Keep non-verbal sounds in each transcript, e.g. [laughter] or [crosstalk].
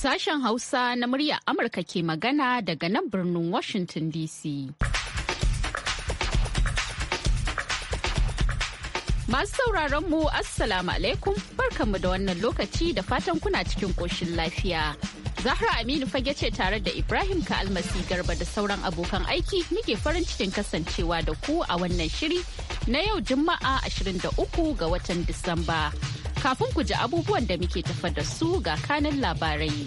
Sashen Hausa na murya Amurka ke magana daga nan birnin Washington DC. Masu sauraron mu Assalamu alaikum barkanmu da wannan lokaci da fatan kuna cikin ƙoshin lafiya. Zahra Aminu fage ce tare da Ibrahim kalmasi Garba da sauran abokan aiki muke farin cikin kasancewa da ku a wannan shiri na yau Juma'a 23 ga watan Disamba. Kafin ku ji abubuwan da muke tafa da su ga kanin labarai.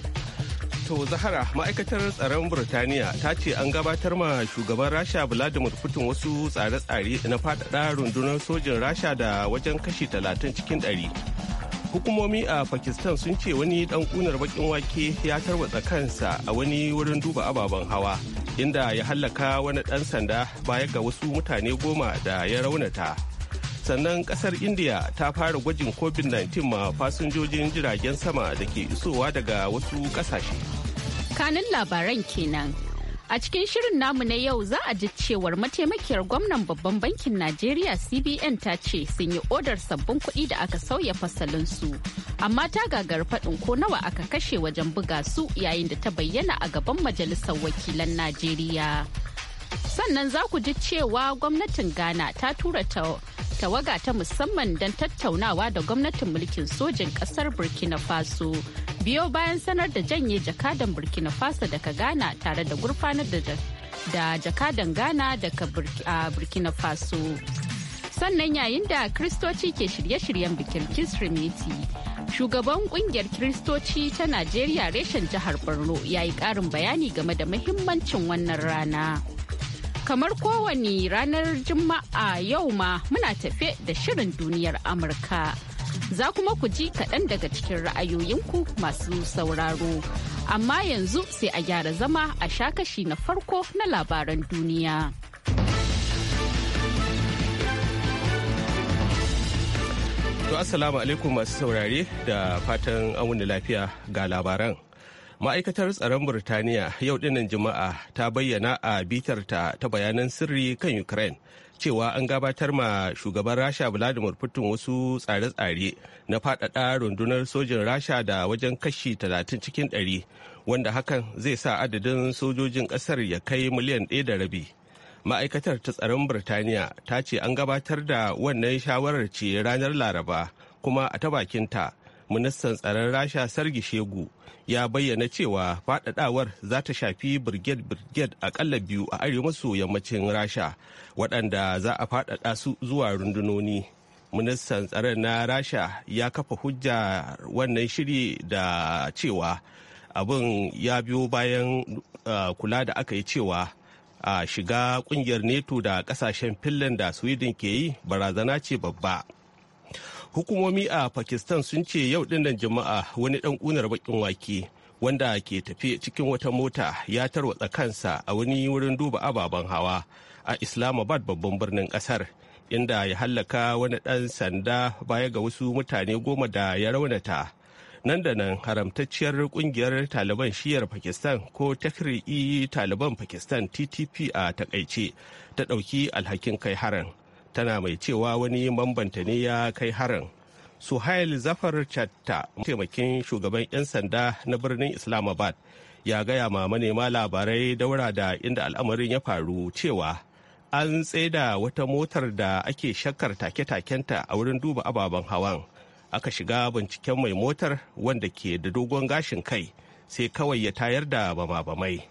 To Zahara ma'aikatar tsaron Burtaniya ta ce an gabatar ma shugaban Rasha Vladimir Putin wasu tsare-tsare na faɗaɗa rundunar sojin Rasha da wajen kashe talatin cikin ɗari. Hukumomi a Pakistan sun ce wani ɗan ƙunar baƙin wake ya tarwatsa kansa a wani wurin duba ababen hawa inda ya hallaka wani ɗan sanda baya ga wasu mutane goma da ya raunata. sannan kasar india ta fara gwajin covid-19 ma fasinjojin jiragen sama da ke isowa daga wasu kasashe kanin labaran kenan a cikin shirin namu na yau za a ji cewar mataimakiyar gwamnan babban bankin najeriya cbn ta ce sun yi odar sabbin kuɗi da aka sauya fasalinsu amma ta gagar faɗin ko nawa aka kashe wajen buga su yayin da ta bayyana a gaban majalisar wakilan najeriya sannan za ku ji cewa gwamnatin ghana ta tura tawaga ta musamman don tattaunawa da gwamnatin mulkin sojin kasar burkina faso biyo bayan sanar da janye jakadan burkina faso daga ghana tare da gurfanar da jakadan ghana daga burkina faso sannan yayin da kristoci ke shirye-shiryen bikin kisrimiti shugaban kungiyar kristoci ta najeriya reshen jihar borno ya yi karin bayani game da muhimmancin wannan rana. Kamar kowane ranar Juma'a yau ma muna tafe da shirin duniyar Amurka. Za kuma ku ji kaɗan daga cikin ra'ayoyinku masu sauraro. Amma yanzu sai a gyara zama a sha kashi na farko na labaran duniya. To Assalamu alaikum masu saurare da fatan an lafiya ga labaran. ma'aikatar tsaron burtaniya yau dinnan juma'a ta bayyana a bitar ta ta bayanan sirri kan ukraine cewa an gabatar ma shugaban rasha vladimir putin wasu tsare-tsare na faɗaɗa rundunar sojin rasha da wajen kashi 30 cikin 100 wanda hakan zai sa adadin sojojin ƙasar ya kai miliyan ɗaya da rabi ma'aikatar ta tsaron birtaniya ta ce an gabatar da wannan shawarar ce ranar laraba kuma a ta bakinta ministan tsaron rasha sargi shegu ya bayyana cewa fadadawar za ta shafi birged-birged akalla biyu a arewa maso yammacin rasha waɗanda za a fadada su zuwa rundunoni ministan tsaron na rasha ya kafa hujja wannan shiri da cewa abin ya biyo bayan kula da aka yi cewa a shiga kungiyar neto da kasashen finland da sweden ke yi barazana ce babba hukumomi a pakistan sun ce yau dinnan jama'a wani dan kunar bakin wake wanda ke tafi cikin wata mota ya tarwatsa kansa a wani wurin duba ababen hawa a islamabad babban birnin kasar inda ya hallaka wani dan sanda baya ga wasu mutane goma da ya raunata nan da nan haramtacciyar kungiyar taliban shiyar pakistan ko takri'i taliban pakistan ttp a takaice ta ɗauki alhakin kai harin tana mai cewa wani mambanta ne ya kai harin suhail zafar chatta taimakin shugaban 'yan sanda na birnin islamabad ya gaya ma manema labarai daura da inda al'amarin ya faru cewa an tsaida wata motar da ake shakkar take-takenta a wurin duba ababen hawan aka shiga binciken mai motar wanda ke da dogon gashin kai sai kawai ya tayar da bama-bamai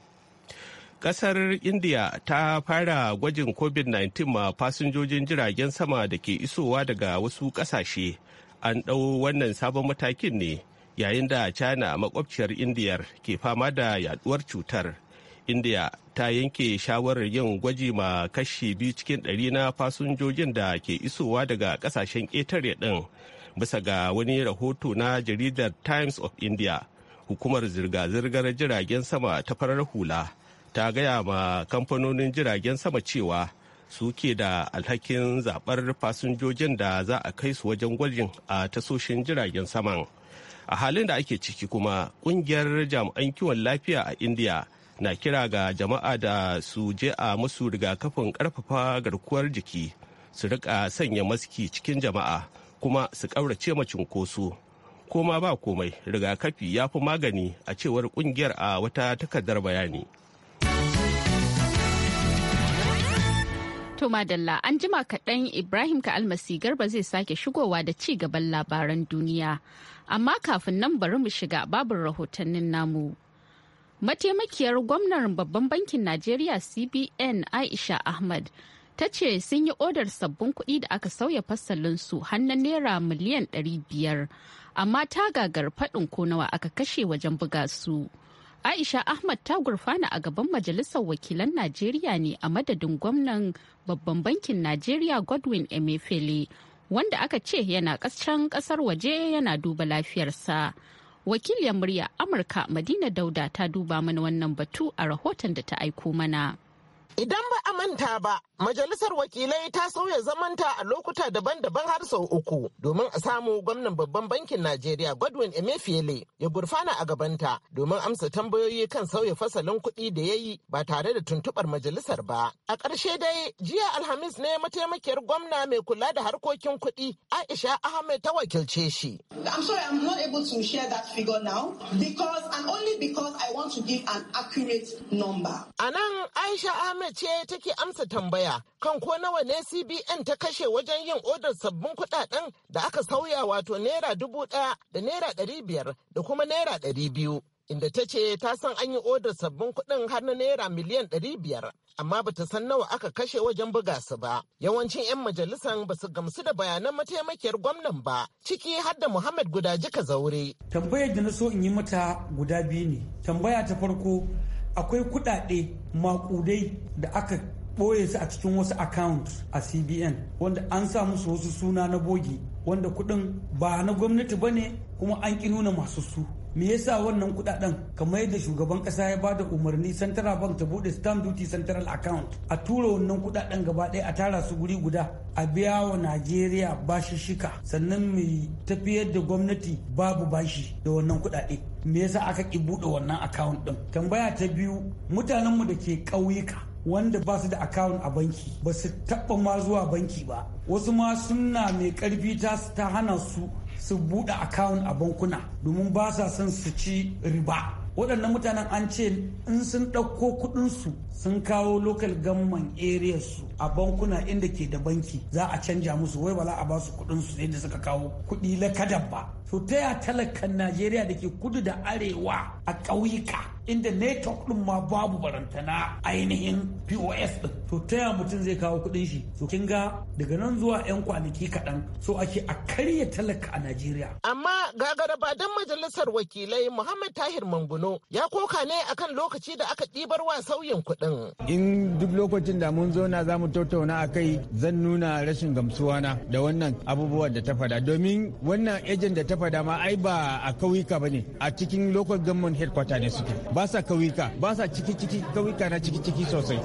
Kasar India ta fara gwajin COVID-19 ma fasinjojin jiragen sama da ke isowa daga wasu kasashe An ɗau wannan sabon matakin ne yayin da China makwabciyar Indiyar ke fama da yaduwar cutar. India ta yanke shawarar yin gwaji ma kashi biyu cikin ɗari na fasinjojin da ke isowa daga ƙasashen ƙetare ɗin bisa ga wani rahoto na jaridar Times of India. Hukumar zirga-zirgar jiragen sama ta farar hula ta gaya ma kamfanonin jiragen sama cewa su ke da alhakin zaɓar fasinjojin da za a kai su wajen gwajin a tasoshin jiragen saman a halin da ake ciki kuma ƙungiyar jami'an kiwon lafiya a indiya na kira ga jama'a da su je a musu rigakafin ƙarfafa garkuwar jiki su rika sanya maski cikin jama'a kuma su ƙaurace ma cunkoso koma ba komai rigakafi ya fi magani a cewar ƙungiyar a wata takardar bayani To Madalla an jima kaɗan Ibrahim ka almasi garba zai sake shigowa da ci gaban labaran duniya. Amma kafin nan bari mu shiga babin rahotannin namu. Mataimakiyar gwamnar babban bankin Najeriya CBN Aisha Ahmad ta ce sun yi odar sabbin kuɗi da aka sauya fasalinsu hannun naira miliyan 500 amma ta gagar faɗin ko nawa aka kashe wajen buga su. Aisha Ahmad ta gurfana a gaban Majalisar Wakilan Najeriya ne a madadin gwamnan Babban Bankin Najeriya Godwin emefele wanda aka ce yana ƙasashen kasar waje yana duba lafiyarsa. Wakiliyar murya Amurka Madina Dauda ta duba mana wannan batu a rahoton da ta aiko mana. Idan ba a manta ba, Majalisar Wakilai ta sauya zamanta a lokuta daban-daban har sau uku domin a samu gwamnan babban bankin Najeriya Godwin Emefiele ya gurfana a gabanta domin amsa tambayoyi kan sauya fasalin kuɗi da ya yi ba tare da tuntuɓar majalisar ba. A ƙarshe dai, jiya Alhamis ne mataimakiyar gwamna mai kula da harkokin kuɗi Aisha Ahmed ta wakilce shi. I'm sorry, I'm not able to share that figure now because and only because I want to give an accurate number. A Aisha Ahmed Muhammad ce take amsa tambaya kan ko nawa ne CBN ta kashe wajen yin odar sabbin kudaden da aka sauya wato naira dubu daya da naira dari biyar da kuma naira dari biyu. Inda ta ce ta san an yi odar sabbin kuɗin har na naira miliyan dari biyar. amma ba ta san nawa aka kashe wajen buga su ba. Yawancin 'yan majalisan ba su gamsu da bayanan mataimakiyar gwamnan ba, ciki har da Muhammad guda jika zaure. Tambayar da na so in yi mata guda biyu ne. Tambaya ta farko akwai kudade makudai da aka ɓoye su a cikin wasu account a cbn wanda an sa musu wasu suna na bogi wanda kudin ba na gwamnati ba ne kuma an ki nuna masu su me yasa wannan kudaden kamar yadda shugaban kasa ya bada umarni central bank ta bude stamp duty central account a tura wannan kudaden gaba ɗaya a tara su guri guda a biya wa najeriya bashi shika sannan mai tafiyar da gwamnati babu bashi da wannan kudade me yasa aka ki bude wannan account din tambaya ta biyu mutanenmu da ke ƙauyuka wanda ba su da account a banki ba su taɓa ma zuwa banki ba wasu ma suna mai ƙarfi ta hana su su buɗe akawun a bankuna domin ba sa son su ci riba waɗannan mutanen an ce in sun ɗauko kuɗinsu sun kawo local gamman su a bankuna inda ke da banki za a canja musu wai ba za a ba su kuɗinsu da suka kawo kuɗi kadan ba to ta ya talakan najeriya da ke kudu da arewa a ƙauyuka inda network din ma babu barantana ainihin pos din to taya mutum zai kawo kudin shi to kin ga daga nan zuwa 'yan kwanaki kaɗan so ake a karya talaka a najeriya amma dan majalisar wakilai muhammad tahir manguno ya koka ne akan lokaci da aka ɗibar wa sauyin kuɗin in duk lokacin da mun zo na za mu tattauna a zan nuna rashin gamsuwa na da wannan abubuwan da ta fada domin wannan ejen da ta fada ma ai ba a kauyuka bane a cikin local government headquarter ne suke ba sa kauyuka ba sa ciki ciki kauyuka na ciki ciki sosai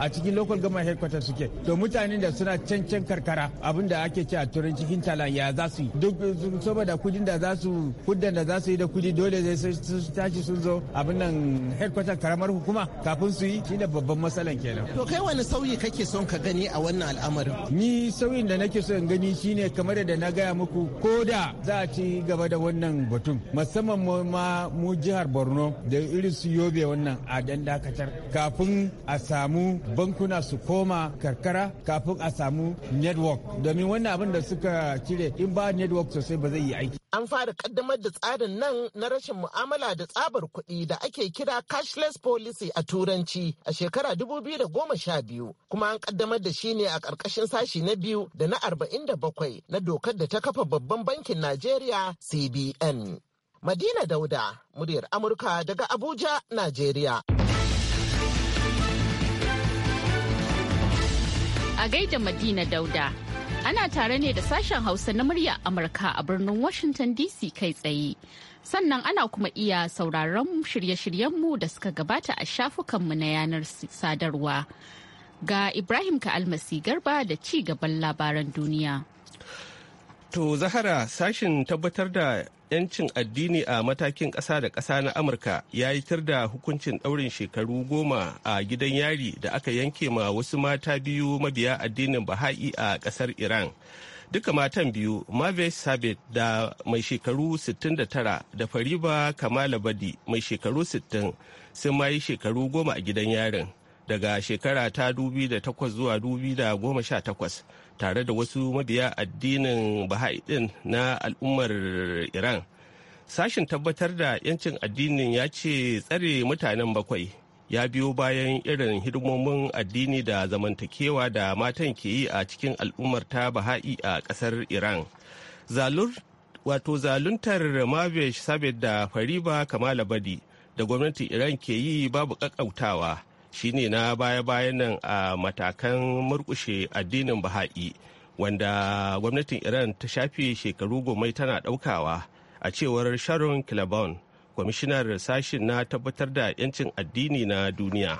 a cikin local government headquarters suke to mutanen da suna cancan karkara abin da ake ce a turanci talan ya za su yi duk saboda kudin da za su kudin da za su yi da kudi dole zai su tashi sun zo abin nan headquarters karamar hukuma kafin su yi shine babban matsalan kenan to kai wani sauyi kake son ka gani a wannan al'amarin ni sauyin da nake son gani shine kamar da na gaya muku ko da za a ci gaba da wannan batun musamman ma mu jihar Borno da irin su yobe wannan a dakatar kafin a samu bankuna su koma karkara kafin a samu network domin wannan abin da suka cire in ba network sosai ba zai yi aiki an fara kaddamar da tsarin nan na rashin mu'amala da tsabar kuɗi da ake kira cashless policy a turanci a shekara 2012 kuma an kaddamar da shi ne a ƙarƙashin sashi na biyu da na 47 na dokar da ta kafa babban bankin najeriya cbn Madina Dauda, muryar Amurka daga Abuja, Najeriya. A gaida Madina Dauda, ana tare ne da sashen Hausa na muryar Amurka a birnin Washington DC kai tsaye. sannan ana kuma iya sauraron shirye-shiryenmu da suka gabata a shafukanmu na yanar sadarwa. Ga Ibrahim Ka'almasi Garba da ci gaban labaran duniya. To Zahara sashin tabbatar da 'yancin addini a matakin ƙasa da ƙasa na Amurka ya yi tar da hukuncin ɗaurin shekaru goma a gidan yari da aka yanke ma wasu mata biyu mabiya addinin Baha'i a ƙasar Iran. Duka matan biyu, Mavis Sabit da mai shekaru 69 da Fariba Kamala Badi mai shekaru 60 sun mayi shekaru goma a gidan yarin daga shekara ta 2008 zuwa 2018. tare da wasu mabiya addinin baha'i din na al'ummar iran sashin tabbatar da 'yancin addinin ya ce tsare mutanen bakwai ya biyo bayan irin hidimomin addini da zamantakewa da matan ke yi a cikin al'ummar ta baha'i a kasar iran zalur wato zaluntar mavesh sabid da fariba kamala badi da gwamnatin iran ke yi babu ƙaƙƙautawa shine na baya-bayan nan a matakan murkushe addinin baha'i wanda gwamnatin iran ta shafe shekaru gomai tana daukawa a cewar sharon kilabon kwamishinar sashin na tabbatar da 'yancin addini na duniya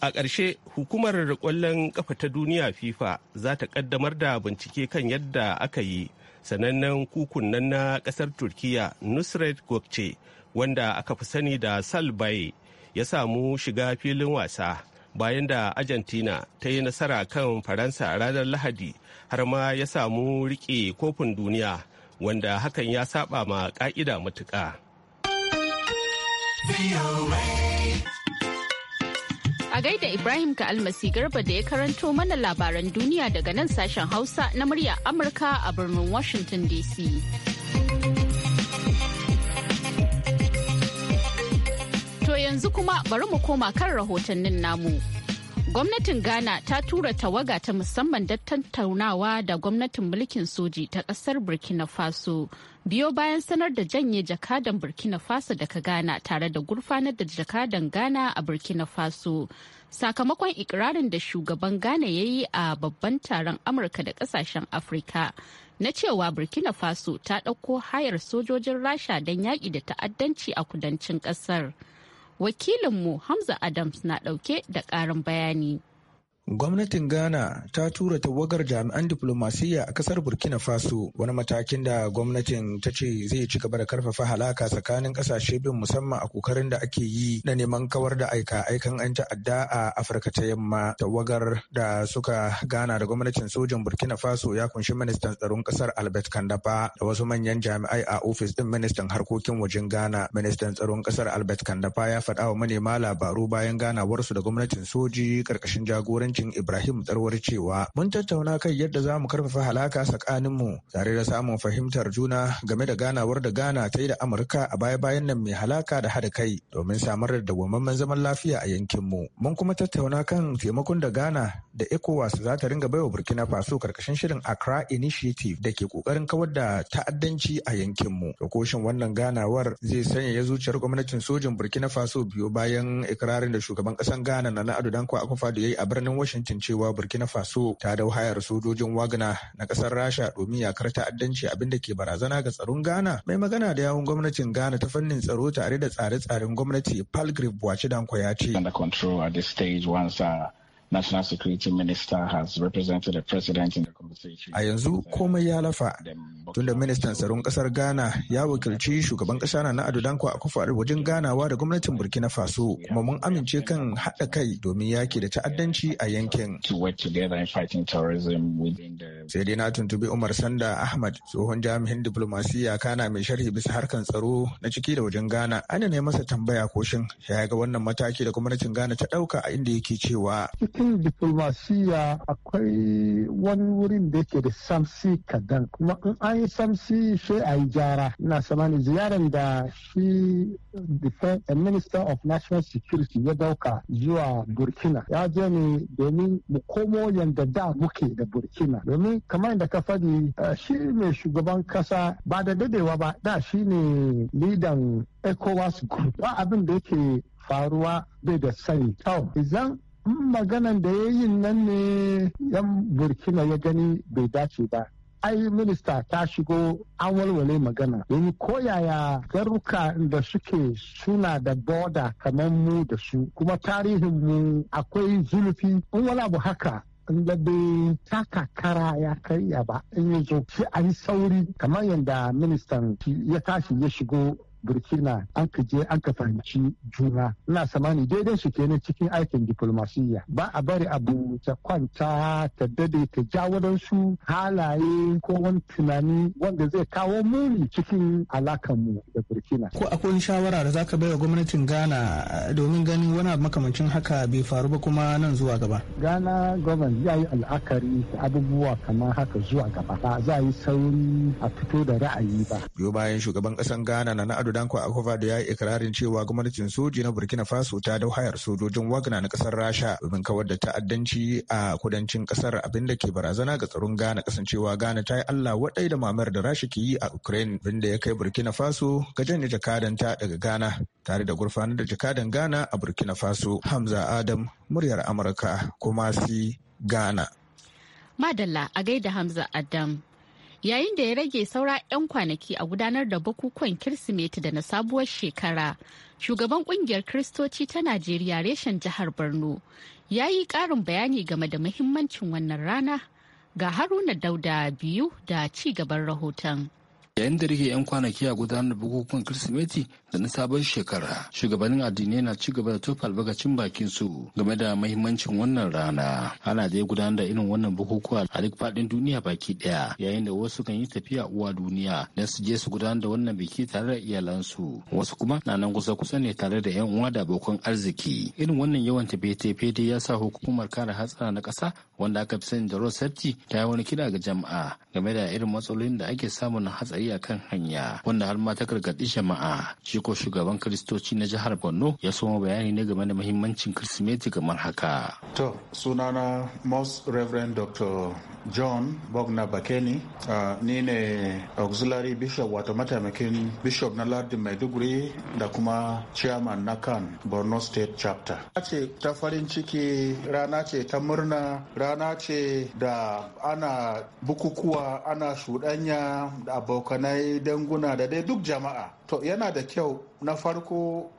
a ƙarshe hukumar ƙwallon ƙafa ta duniya fifa za ta ƙaddamar da bincike kan yadda aka yi sanannen kukunan na ƙasar turkiya nusret gokce wanda aka fi sani da salbaye ya samu shiga filin wasa bayan da argentina ta yi nasara kan faransa ranar lahadi har ma ya samu rike kofin duniya wanda hakan ya saba ma ka'ida matuka. a gaida Ibrahim ka almasi garba da ya karanto mana labaran duniya daga nan sashen Hausa na murya Amurka a birnin Washington DC. to yanzu kuma bari mu koma kan rahotannin namu. Gwamnatin Ghana ta tura tawaga ta musamman da tattaunawa da gwamnatin mulkin soji ta kasar Burkina Faso biyo bayan sanar da janye jakadan Burkina Faso daga Ghana tare da gurfanar da jakadan Ghana a Burkina Faso. Sakamakon ikirarin da shugaban Ghana ya yi a babban taron Amurka da kasashen Afirka na cewa Burkina Faso ta ɗauko hayar sojojin Rasha don yaƙi da ta'addanci a kudancin ƙasar. wakilinmu hamza adams na ɗauke da ƙarin bayani Gwamnatin Ghana ta tura tawagar jami'an diflomasiyya a kasar Burkina Faso wani matakin da gwamnatin ta ce zai ci gaba da karfafa halaka tsakanin kasashe bin musamman a kokarin da ake yi na neman kawar da aika aikan an ta'adda a Afirka ta yamma. Tawagar da suka gana da gwamnatin sojan Burkina Faso ya kunshi ministan tsaron kasar Albert Kandafa da wasu manyan jami'ai a ofis din ministan harkokin wajen Ghana. Ministan tsaron kasar Albert Kandafa ya faɗa wa manema labaru bayan ganawarsu da gwamnatin soji karkashin jagoran hukuncin Ibrahim Tsarwar cewa mun tattauna kan yadda za mu karfafa halaka tsakanin mu tare da samun fahimtar juna game da ganawar da Ghana ta yi da Amurka a baya-bayan nan mai halaka da haɗa kai domin samar da dawwammamen zaman lafiya a yankinmu. Mun kuma tattauna kan taimakon da Ghana da ECOWAS za ta ringa baiwa Burkina Faso karkashin shirin Accra Initiative da ke kokarin kawar da ta'addanci a yankinmu. koshin wannan ganawar zai sanya ya zuciyar gwamnatin sojin Burkina Faso biyo bayan ikirarin da shugaban ƙasan Ghana na Ado Danko akufo ya yi a birnin Washington cewa Burkina Faso ta dau hayar sojojin Wagner na kasar Rasha domin yakar ta'addanci abin da ke barazana ga tsaron Ghana. Mai magana da yawun gwamnatin Ghana ta fannin tsaro tare da tsare-tsaren gwamnati Palgrave Bwachidanko ya ce. Uh, National Security Minister has President A yanzu uh, komai ya lafa tunda ministan tsaron kasar Ghana ya wakilci shugaban kasa na Ado Danko akufo wajen ganawa da gwamnatin Burkina Faso kuma mun amince kan haɗa kai domin yaki da ta'addanci a yankin. Sai dai na tuntubi Umar Sanda Ahmad tsohon jami'in diplomasiya kana mai sharhi bisa harkan tsaro na ciki da wajen Ghana. Ana ne masa tambaya ko shin ya ga wannan mataki da gwamnatin Ghana ta ɗauka a inda yake cewa cikin diplomasiya akwai wani wurin da yake da samsi kadan kuma in an yi samsi sai a yi gyara na samani ziyarar da shi eh, minister of national security ya dauka zuwa burkina ya je ne domin mu komo yadda da muke da burkina domin kamar da ka faɗi eh, shi mai shugaban kasa ba da dadewa ba da shi ne lidan ecowas group ba abin da yake faruwa bai da sani. idan in maganan da ya yi nan ne yan burkina ya gani bai dace ba ai minista ta shigo an walwale magana domin koyaya garuka da suke suna da boda kamar mu da su kuma tarihin mu akwai zulufi in wani abu haka da bai taka kara ya karya ba in yi zo sai a yi sauri kamar yadda ministan ya tashi ya shigo burkina an ka je an ka fahimci juna ina samani daidai su kenan cikin aikin diplomasiya ba a bari abu ta kwanta ta dade ta ja wadansu halaye ko wani tunani wanda zai kawo muni cikin alakanmu da burkina ko akwai shawara da zaka bai wa gwamnatin ghana eh, domin ganin wani abu makamancin haka bai faru ba kuma nan zuwa gaba ghana gwamnati ya yi al'akari da abubuwa kamar haka zuwa gaba ba za a yi sauri a fito da ra'ayi ba biyo bayan shugaban kasan ghana na na ado danko akufado ya yi ikirarin cewa gwamnatin soji na burkina faso ta dau hayar sojojin wagner na kasar rasha domin kawar da ta'addanci a kudancin kasar abin da ke barazana ga tsaron ghana kasancewa ghana ta yi allah wadai da mamayar da rasha ke yi a ukraine da ya kai burkina faso ga janye jakadanta daga ghana tare da gurfanar da jakadan ghana a burkina faso hamza adam muryar amurka kuma si ghana madalla a gaida hamza adam yayin da ya rage saura 'yan kwanaki a gudanar da bukukuwan kirsimeti da na sabuwar shekara shugaban kungiyar kristoci ta najeriya reshen jihar borno ya yi karin bayani game da muhimmancin wannan rana ga haruna dauda biyu da ci gaban rahoton yayin da rike 'yan kwanaki a gudanar da bukukuwan kirsimeti da na sabon shekara shugabannin addinai na ci gaba da tofa albarkacin bakin su game da mahimmancin wannan rana ana da gudanar da irin wannan bukukuwa a duk faɗin duniya baki ɗaya yayin da wasu kan yi tafiya uwa duniya don su je su gudanar da wannan biki tare da iyalansu wasu kuma na nan kusa kusa ne tare da 'yan uwa da abokan arziki irin wannan yawan tafiye-tafiye dai ya sa hukumar kare hatsara na ƙasa wanda aka fi sani da rosetti ta yi wani kira ga jama'a game da irin matsalolin da ake samun hatsari bari a kan hanya wanda har ma ta gargaɗi jama'a shi ko shugaban kiristoci na jihar borno ya soma bayani ne game da mahimmancin kirsimeti kamar haka to sunana most reverend dr john bogna bakeni uh, ni ne auxiliary bishop wato mataimakin bishop na lardin maiduguri da kuma chairman na kan borno state chapter ce ta farin ciki rana ce ta murna rana ce da ana bukukuwa ana shuɗanya da abokan abokanai danguna da dai duk jama'a to yana da kyau na farko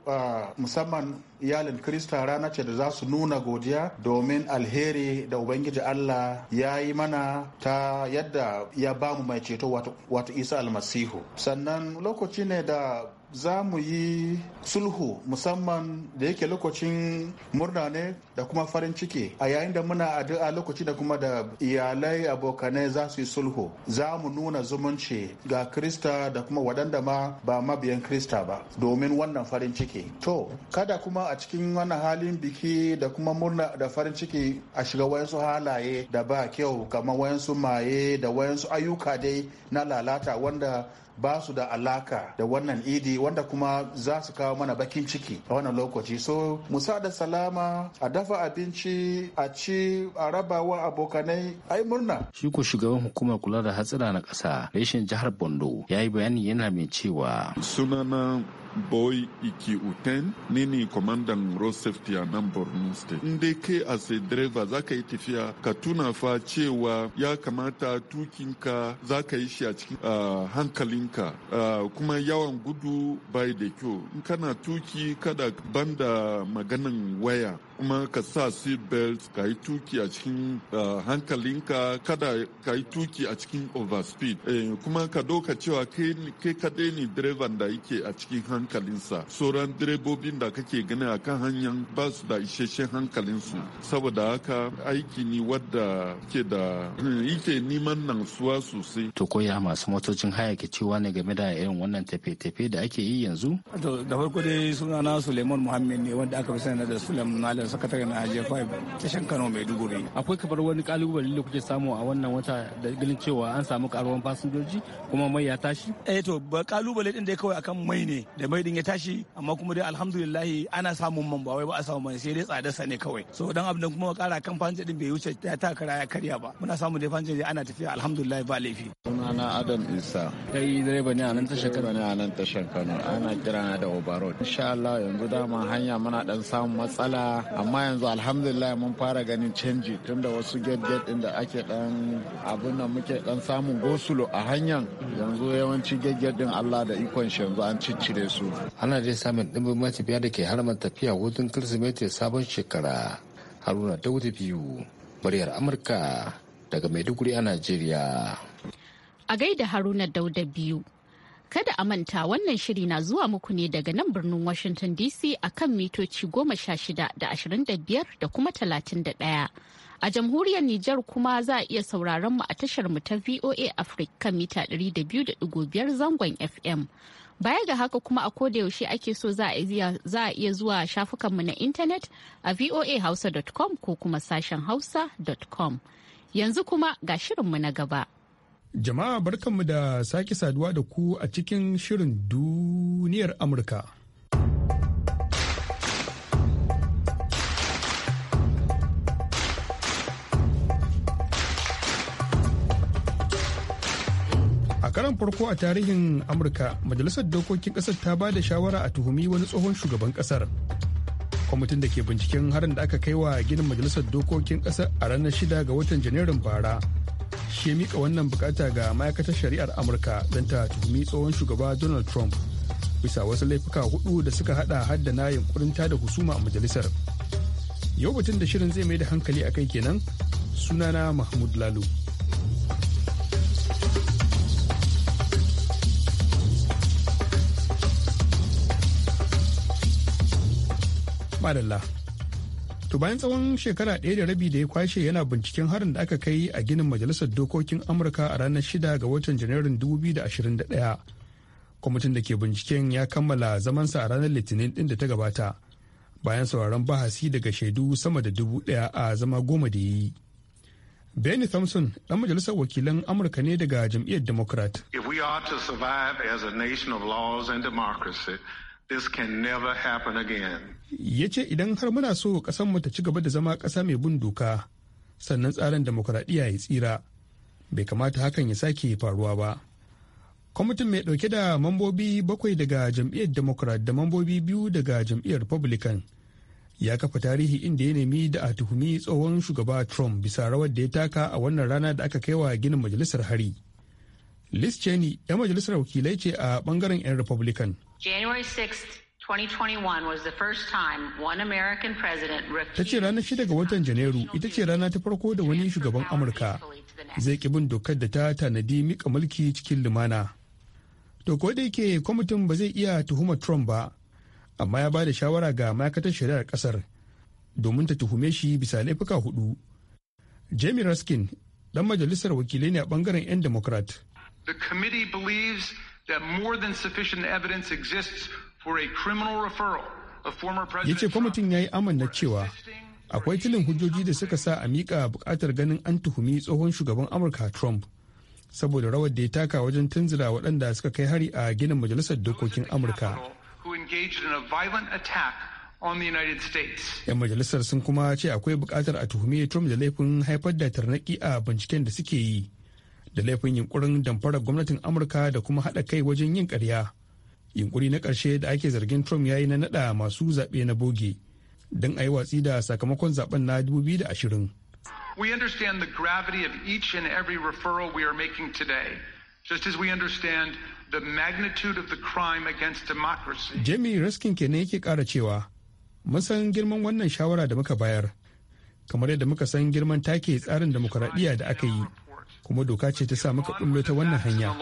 musamman iyalin krista rana ce da za su nuna godiya domin alheri da ubangiji allah ya yi mana ta yadda ya bamu mai ceto wata isa almasihu sannan lokaci ne da za mu yi sulhu musamman da yake lokacin murna ne da kuma farin ciki a yayin da muna addu'a lokaci da kuma da iyalai abokanai za su yi sulhu za mu nuna zumunci ga krista da kuma waɗanda ma ba mabiyan krista ba domin wannan farin ciki to kada kuma a cikin wannan halin biki da kuma murna da farin ciki a shiga wayansu halaye da ba kyau kamar wayansu maye da wayansu ayyuka dai na lalata wanda ba su da alaka da wannan idi wanda kuma za su kawo mana bakin ciki a wannan lokaci so musa da salama a dafa abinci a ci a rabawa abokanai ai murna shi ko shugaban hukumar kula da hatsira na ƙasa reshen jihar bondo ya yi bayani yana mai cewa sunana boy iki uten ni ne road safety a nan borno state in dai kai a sai za ka yi tafiya ka tuna fa cewa ya kamata tukinka za ka yi shi a cikin ah, hankalinka ah, kuma yawan gudu bai da kyau in kana tuki kada banda maganan waya kuma ka sa seat belt ka yi tuki a cikin hankalinka kada ka yi tuki a cikin overspeed eh, kuma ka doka cewa kai kadai ne direban da yake a cikin hankalinsa sauran direbobin da kake gani a kan hanyar ba su da isasshen hankalinsu saboda haka aiki ne wadda ke da [clears throat] yake neman nan suwa sosai to koya masu motocin haya ke cewa ne game da irin wannan tafe-tafe da ake yi yanzu da farko dai na suleiman muhammed ne wanda aka fi sani da suleiman da sakatare na Ajiya ta tashan Kano Maiduguri. Akwai kamar wani kalubale da kuke samu a wannan wata da ganin cewa an samu karuwan fasinjoji kuma mai ya tashi? Eh to ba kalubale din da kawai akan mai ne da mai din ya tashi amma kuma dai alhamdulillah ana samun man ba wai ba a samu man sai dai tsada sa ne kawai. So dan abin kuma kara kan fasinja din bai wuce ta takara ya karya ba. Muna samu dai fasinja ana tafiya alhamdulillah ba laifi. Sunana Adam Isa. Kai direba ne a nan tashar Kano. Ne a nan tashar Kano. Ana kira na da Obarot. Insha Allah yanzu dama hanya muna dan samun matsala amma yanzu alhamdulillah mun fara ganin canji tunda wasu get-get din da ake dan abin muke dan samun gosulo a hanyar yanzu yawanci get-get din Allah da ikon shi yanzu an ciccire su ana dai samun dimbin matafiya da ke harman tafiya hutun kirsimeti sabon shekara haruna dauda wuta biyu muryar amurka daga maiduguri a nigeria. a gaida haruna dauda biyu Kada a manta wannan shiri na zuwa muku ne daga nan birnin Washington DC a kan mitoci goma sha shida da ashirin da biyar da kuma talatin da ɗaya. A jamhuriyar Nijar kuma za a iya sauraron mu a tashar mu ta VOA Africa kan mita ɗari da da biyu biyar zangon FM. Baya ga haka kuma a kodayaushe ake so za a iya zuwa shafukanmu na intanet a voahausa.com ko kuma sashen hausa.com. Yanzu kuma ga shirinmu na gaba. Jama'a barkanmu da sake saduwa da ku a cikin shirin duniyar Amurka. A karan farko a tarihin Amurka, Majalisar Dokokin Ƙasar ta ba da shawara a tuhumi wani tsohon shugaban ƙasar. Kwamitin da ke binciken harin da aka kai wa ginin Majalisar Dokokin Ƙasar a ranar 6 ga watan Janairun bara. shi mika wannan bukata ga ma'aikatar shari'ar amurka don ta tuhumi tsohon shugaba donald trump bisa wasu laifuka hudu da suka hada haddana yunkurin da husuma a majalisar yau batun da shirin zai mai da hankali a kai kenan sunana mahmud lalu madalla To bayan tsawon shekara ɗaya da rabi da ya kwashe yana binciken harin da aka kai a ginin Majalisar Dokokin Amurka a ranar 6 ga watan Janairun 2021. Kwamitin da ke binciken ya kammala zamansa a ranar Litinin ɗin da ta gabata. Bayan sauraron bahasi daga shaidu sama da dubu ɗaya a zama goma da ya yi. Benny Thompson ɗan majalisar wakilan Amurka ne daga jam'iyyar Democrat. If we to survive as a nation of democracy, This can never happen again. Ya ce idan har muna so mu ta ci gaba da zama ƙasa mai bin doka, sannan tsarin demokuraɗiyya ya tsira, bai kamata hakan ya sake faruwa ba. Kwamitin mai ɗauke da mambobi bakwai daga jam'iyyar Democrat da mambobi biyu daga jam'iyyar Republican ya kafa tarihi inda ya nemi da a tuhumi tsohon shugaba Trump bisa rawar da ya taka a wannan rana da aka kai wa ginin majalisar hari. Liz Cheney 'yan majalisar wakilai ce a bangaren 'yan Republican. January 6th, Ta ce ranar shida ga watan Janairu ita ce rana ta farko da wani shugaban Amurka zai ki bin dokar da ta tanadi mika mulki cikin lumana. To ko da yake kwamitin ba zai iya tuhumar Trump ba, amma ya ba da shawara ga ma'aikatar shari'ar ƙasar, domin ta tuhume shi bisa laifuka hudu. Jamie Raskin, ɗan majalisar wakilai ne a bangaren 'yan Democrat. The committee believes that more than sufficient evidence exists for a criminal referral of former President Yace kwamitin ya yi amanna cewa akwai tilin hujjoji da suka sa a miƙa buƙatar ganin an tuhumi tsohon shugaban Amurka Trump saboda rawar da ya taka wajen tunzura waɗanda suka kai hari a ginin majalisar dokokin Amurka. ‘Yan majalisar sun kuma ce akwai buƙatar a tuhumi Trump da laifin haifar da tarnaki a binciken da suke yi. da laifin yunkurin damfara gwamnatin amurka da kuma haɗa kai wajen yin ƙarya yunkuri na ƙarshe da ake zargin trump ya yi na naɗa masu zaɓe na boge don a yi watsi da sakamakon zaɓen na 2020 We understand the gravity of each and every referral we are making today, just as we understand the magnitude of the crime against democracy. Jamie Raskin kenan yake ƙara cewa, mun san girman wannan shawara da muka bayar, kamar yadda muka san girman take tsarin demokuraɗiyya da aka yi. kuma doka ce ta sa muka bullo ta wannan hanya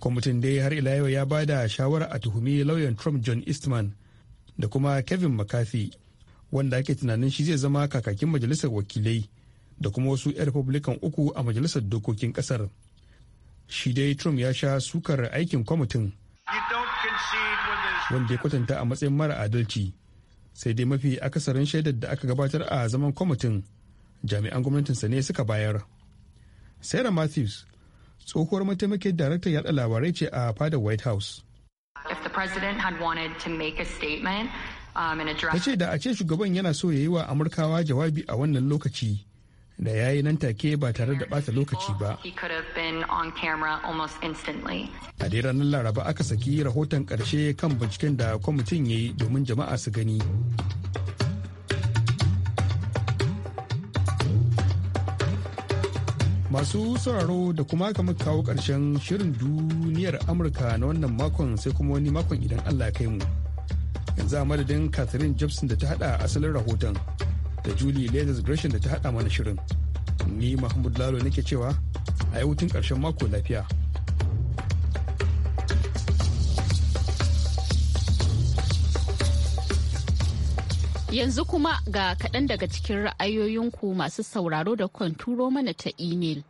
kwamitin dai har ila yau ya ba da shawara a tuhumi lauyan trump john eastman da kuma kevin mccarthy wanda ake tunanin shi zai zama kakakin majalisar wakilai da kuma wasu 'yan republican uku a majalisar dokokin kasar shi dai trump ya sha sukar aikin kwamitin wanda ya kwatanta a matsayin mara adalci sai dai mafi akasarin shaidar da aka gabatar a zaman kwamitin jami'an gwamnatinsa ne suka bayar sarah matthews tsohuwar mataimakin daraktar yada labarai ce a fadar white house um, ta ce da a ce shugaban yana so ya yi wa amurkawa jawabi a wannan lokaci da ya yi nan take ba tare da ɓata lokaci ba. A dai ranar Laraba aka saki rahoton ƙarshe kan binciken da kwamitin ya yi domin jama'a su gani. Masu sauraro da kuma aka muka kawo ƙarshen shirin duniyar Amurka na wannan makon sai kuma wani makon idan Allah kai mu. Yanzu a madadin Catherine Jobson da ta hada asalin rahoton. da Julie Lazarus Gresham da ta haɗa mana shirin. Ni Mahmud Lalo nake cewa a yau tun ƙarshen mako lafiya. Yanzu kuma ga kaɗan daga cikin ra'ayoyinku masu sauraro da kwan turo mana ta imel.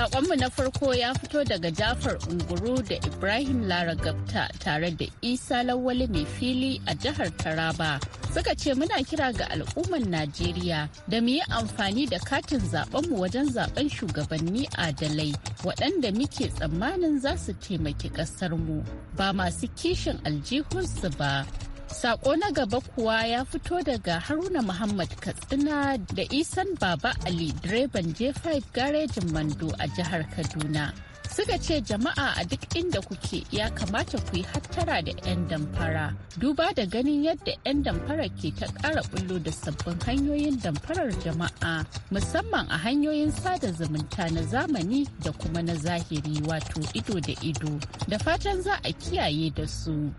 Sakonmu na farko ya fito daga Jafar Unguru da Ibrahim Laragabta tare da Isa Lawali mai fili a jihar Taraba. Suka ce muna kira ga al'ummar Najeriya da mu yi amfani da katin zaɓenmu wajen zaben shugabanni adalai waɗanda muke tsammanin za su taimaki ƙasarmu ba masu kishin aljihunsu ba. Sako na gaba kuwa ya fito daga Haruna Muhammad Katsina da Isan Baba Ali direban J5 garejin Mando a jihar Kaduna. Suka ce jama'a a duk inda kuke ya kamata ku yi hattara da 'yan damfara. Duba da ganin yadda 'yan damfara ke ta ƙara bullo da sabbin hanyoyin damfarar jama'a musamman a hanyoyin sada zumunta na zamani da kuma na zahiri wato ido da ido. Da fatan za a kiyaye da su.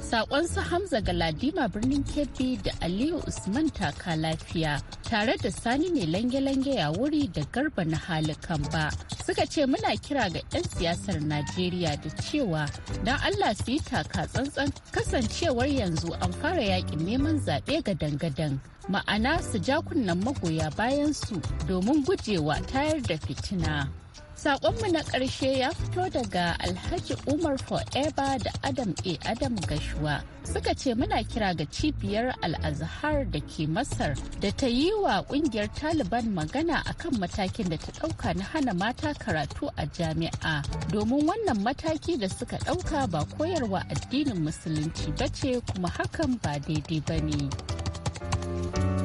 sakon su Hamza Galadima birnin Kebbi da Aliyu Usman taka lafiya tare da Sani ne lange-lange ya wuri da garba na halikan ba. Suka ce muna kira ga 'yan siyasar Najeriya da cewa don Allah su yi taka tsantsan kasancewar yanzu an fara yakin neman zaɓe ga dangadan. Ma'ana su ja kunnen magoya bayan su domin gujewa tayar da fitina. Sakonmu na ƙarshe ya fito daga Alhaji Umar Forever da Adam A. Adam Gashuwa suka ce muna kira ga cibiyar Al-Azhar da ke Masar da ta yi wa ƙungiyar Taliban magana a kan matakin da ta ɗauka na hana mata karatu a jami'a domin wannan mataki da suka ɗauka ba koyarwa addinin musulunci ba ce kuma hakan ba daidai ba ne.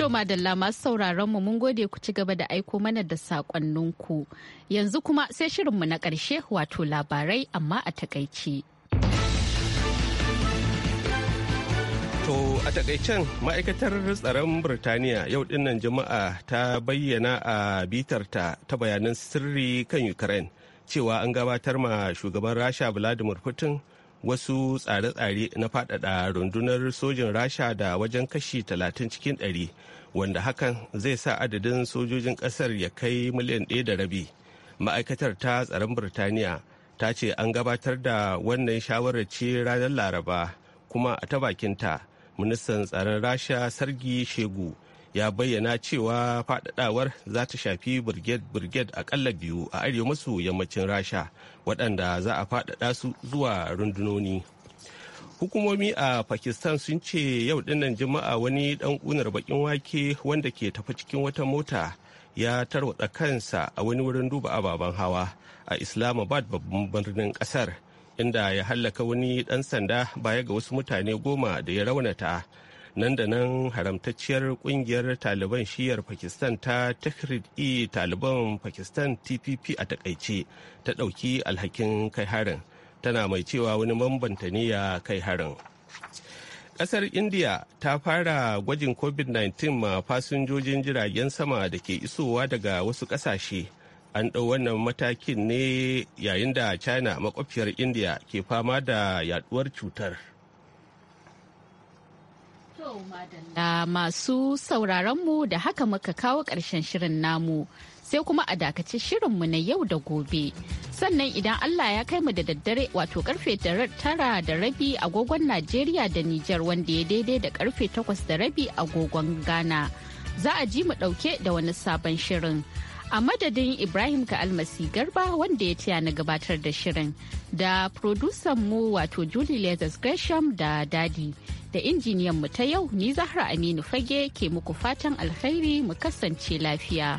To madalla masu sauraron mu mun gode ku ci gaba da aiko mana da sakonninku. Yanzu kuma sai shirinmu na karshe wato labarai amma a takaice. To a takaicen ma'aikatar tsaron Birtaniya yau dinnan jama'a ta bayyana a bitarta ta bayanan sirri kan Ukraine cewa an gabatar ma shugaban Rasha Vladimir Putin wasu tsare-tsare na faɗaɗa rundunar sojin rasha da wajen kashi talatin cikin ɗari wanda hakan zai sa adadin sojojin ƙasar ya kai miliyan ɗaya da rabi ma'aikatar ta tsaron birtaniya ta ce an gabatar da wannan shawarar ce ranar laraba kuma a ta bakinta ministan tsaron rasha sargi shegu ya bayyana cewa faɗaɗawar za ta shafi birged-birged akalla biyu a arewa maso yammacin rasha waɗanda za a faɗaɗa su zuwa rundunoni hukumomi a pakistan sun ce yau dinnan juma'a wani ɗan ƙunar bakin wake wanda ke tafi cikin wata mota ya tarwatsa kansa a wani wurin duba ababen hawa a islamabad babban birnin ƙasar inda ya hallaka wani ɗan sanda baya ga wasu mutane goma da ya raunata nan da nan haramtacciyar kungiyar taliban shiyar pakistan ta tehrid e taliban pakistan tpp a takaice ta ɗauki alhakin kai harin tana mai cewa wani mambanta ne ya kai harin ƙasar india ta fara gwajin covid-19 ma fasinjojin jiragen sama da ke isowa daga wasu ƙasashe an ɗau wannan matakin ne yayin da china makwabciyar india ke fama da yaduwar cutar Da masu mu da haka muka kawo ƙarshen shirin namu sai kuma a shirin shirinmu na yau da gobe. Sannan idan Allah ya kai mu da daddare wato karfe tara da rabi agogon Najeriya da Nijar wanda ya daidai da karfe takwas da rabi agogon Ghana. Za a ji mu ɗauke da wani sabon shirin. a madadin ibrahim ka almasi garba wanda ya tiya na gabatar da shirin da producer mu wato julie leathers gresham da dadi da injiniyan mu ta yau ni zahra aminu fage ke muku fatan alkhairi mu kasance lafiya.